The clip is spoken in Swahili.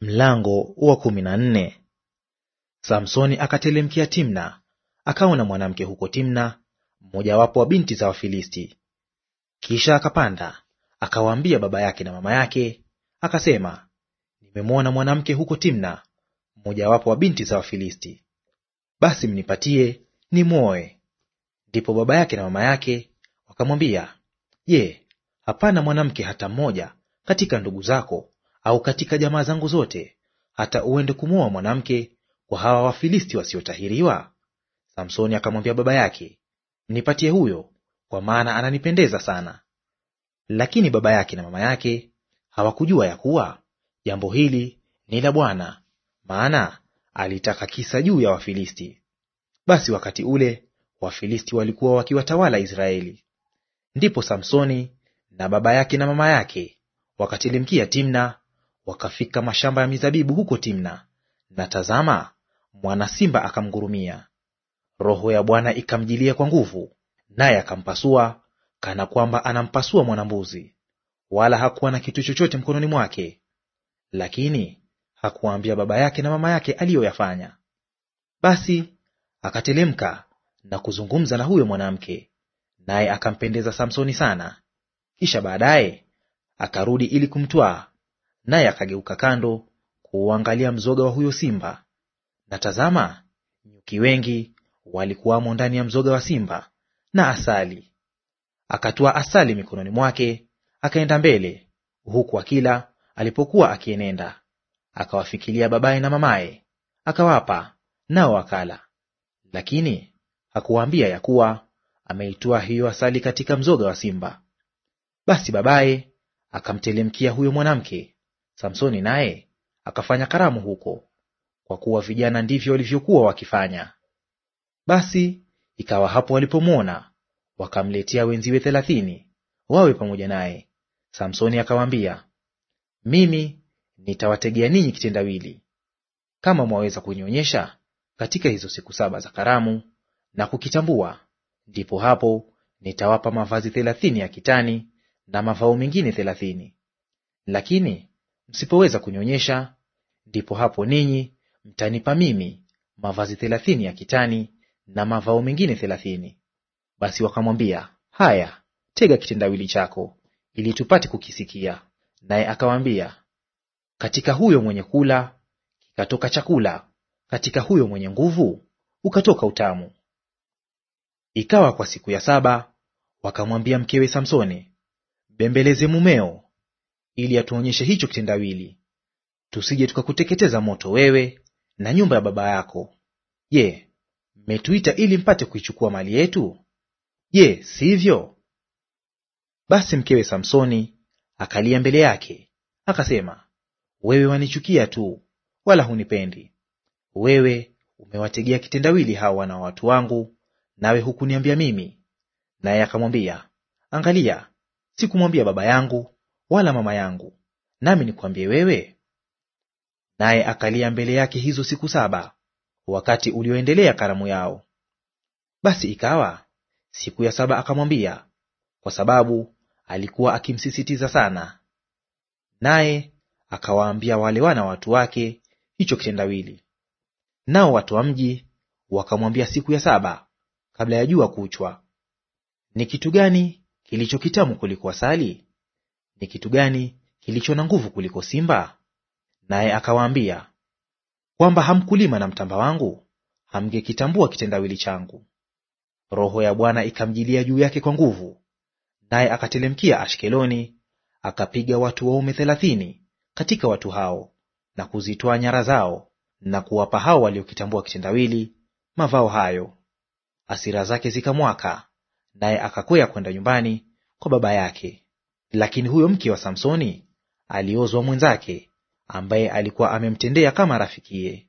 Mlango wa kumi na nne. Samsoni akatelemkia Timna, akaona mwanamke huko Timna, mmojawapo wa binti za Wafilisti. Kisha akapanda akawaambia baba yake na mama yake, akasema, nimemwona mwanamke huko Timna, mmojawapo wa binti za Wafilisti. Basi mnipatie nimwoe. Ndipo baba yake na mama yake wakamwambia, je, hapana mwanamke hata mmoja katika ndugu zako au katika jamaa zangu zote, hata uende kumwoa mwanamke kwa hawa Wafilisti wasiotahiriwa? Samsoni akamwambia baba yake, mnipatie huyo, kwa maana ananipendeza sana. Lakini baba yake na mama yake hawakujua ya kuwa jambo hili ni la Bwana, maana alitaka kisa juu ya Wafilisti. Basi wakati ule Wafilisti walikuwa wakiwatawala Israeli. Ndipo Samsoni na baba yake na mama yake wakatelemkia Timna Wakafika mashamba ya mizabibu huko Timna, na tazama, mwana simba akamgurumia. Roho ya Bwana ikamjilia kwa nguvu, naye akampasua kana kwamba anampasua mwanambuzi, wala hakuwa na kitu chochote mkononi mwake. Lakini hakuwaambia baba yake na mama yake aliyoyafanya. Basi akatelemka na kuzungumza na huyo mwanamke, naye akampendeza Samsoni sana. Kisha baadaye akarudi ili kumtwaa naye akageuka kando kuuangalia mzoga wa huyo simba. Na tazama, nyuki wengi walikuwamo ndani ya mzoga wa simba na asali. Akatoa asali mikononi mwake, akaenda mbele, huku akila alipokuwa akienenda. Akawafikilia babaye na mamaye, akawapa nao akala. Lakini hakuwaambia ya kuwa ameitoa hiyo asali katika mzoga wa simba. Basi babaye akamtelemkia huyo mwanamke Samsoni naye akafanya karamu huko, kwa kuwa vijana ndivyo walivyokuwa wakifanya. Basi ikawa hapo walipomwona wakamletea wenziwe thelathini wawe pamoja naye. Samsoni akawaambia, mimi nitawategea ninyi kitendawili, kama mwaweza kunionyesha katika hizo siku saba za karamu na kukitambua, ndipo hapo nitawapa mavazi thelathini ya kitani na mavao mengine thelathini. Lakini Msipoweza kunyonyesha ndipo hapo ninyi mtanipa mimi mavazi thelathini ya kitani na mavao mengine thelathini. Basi wakamwambia, haya, tega kitendawili chako ili tupate kukisikia. Naye akawaambia, katika huyo mwenye kula kikatoka chakula, katika huyo mwenye nguvu ukatoka utamu. Ikawa kwa siku ya saba wakamwambia mkewe Samsoni, bembeleze mumeo ili atuonyeshe hicho kitendawili, tusije tukakuteketeza moto wewe na nyumba ya baba yako. Je, mmetuita ili mpate kuichukua mali yetu? Je, sivyo? Basi mkewe Samsoni akalia mbele yake akasema, wewe wanichukia tu, wala hunipendi. Wewe umewategea kitendawili hawa wana wa watu wangu, nawe hukuniambia mimi. Naye akamwambia, angalia, sikumwambia baba yangu wala mama yangu, nami nikwambie wewe? Naye akalia mbele yake hizo siku saba, wakati ulioendelea karamu yao. Basi ikawa siku ya saba akamwambia, kwa sababu alikuwa akimsisitiza sana. Naye akawaambia wale wana watu wake hicho kitendawili. Nao watu wa mji wakamwambia siku ya saba kabla ya jua kuchwa, ni kitu gani kilicho kitamu kuliko asali? ni kitu gani kilicho na nguvu kuliko simba? Naye akawaambia, kwamba hamkulima na mtamba wangu, hamngekitambua kitendawili changu. Roho ya Bwana ikamjilia juu yake kwa nguvu, naye akatelemkia Ashkeloni, akapiga watu waume thelathini katika watu hao, na kuzitoa nyara zao, na kuwapa hao waliokitambua kitendawili mavao hayo. asira zake zikamwaka, naye akakwea kwenda nyumbani kwa baba yake. Lakini huyo mke wa Samsoni aliozwa mwenzake, ambaye alikuwa amemtendea kama rafikiye.